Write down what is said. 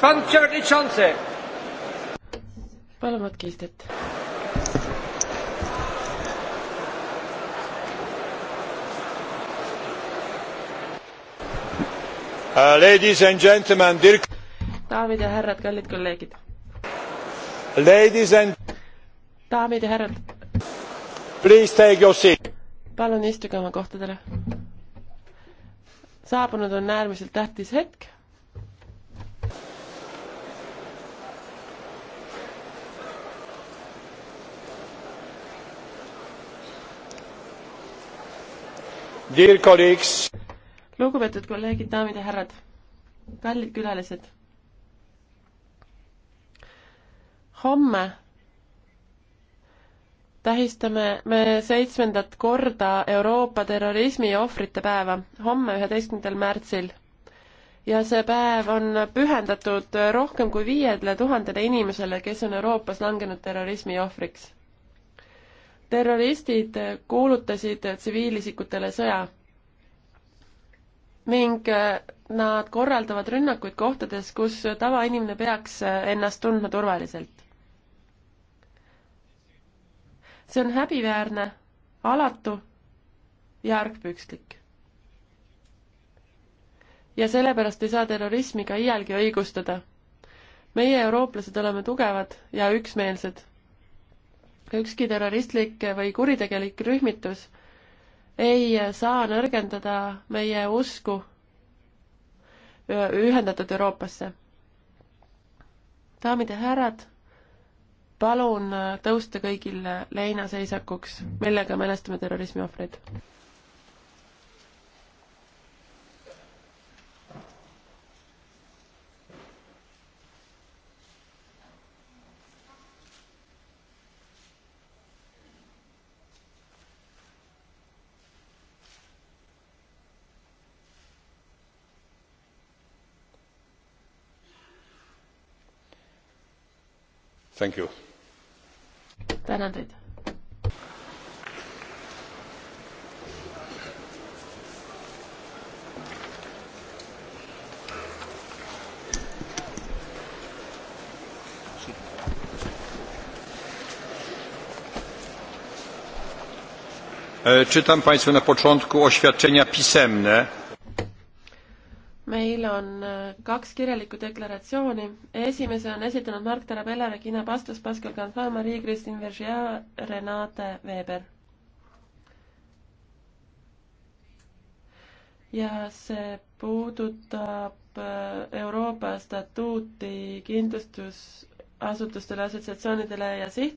Pan Przewodniczący! Palun võtke istet. Uh, ladies and gentlemen, dear... daamid ja härrad, kallid kolleegid. Ladies and... daamid ja härrad. Please take your seat. palun istuge oma kohtadele saabunud on äärmiselt tähtis hetk. lugupeetud kolleegid, daamid ja härrad, kallid külalised. homme tähistame me seitsmendat korda Euroopa terrorismi ohvrite päeva homme, üheteistkümnendal märtsil. ja see päev on pühendatud rohkem kui viiele tuhandele inimesele, kes on Euroopas langenud terrorismi ohvriks. terroristid kuulutasid tsiviilisikutele sõja ning nad korraldavad rünnakuid kohtades, kus tavainimene peaks ennast tundma turvaliselt see on häbiväärne, alatu ja ärkpükslik. ja sellepärast ei saa terrorismi ka iialgi õigustada. meie, eurooplased, oleme tugevad ja üksmeelsed. ükski terroristlik või kuritegelik rühmitus ei saa nõrgendada meie usku ühendatud Euroopasse. daamid ja härrad palun äh, tõusta kõigil äh, leinaseisakuks, millega mälestame terrorismi ohvreid. Thank you tänan teid. E, czytam Państwu na początku oświadczenia pisemne meil on äh, kaks kirjalikku deklaratsiooni. esimese on esitanud Mark Tarabella, Regina Pastus, Pascal Canfin, Marie-Christine Vergier, Renate Weber. ja see puudutab äh, Euroopa statuuti kindlustusasutustele, assotsiatsioonidele ja siht-.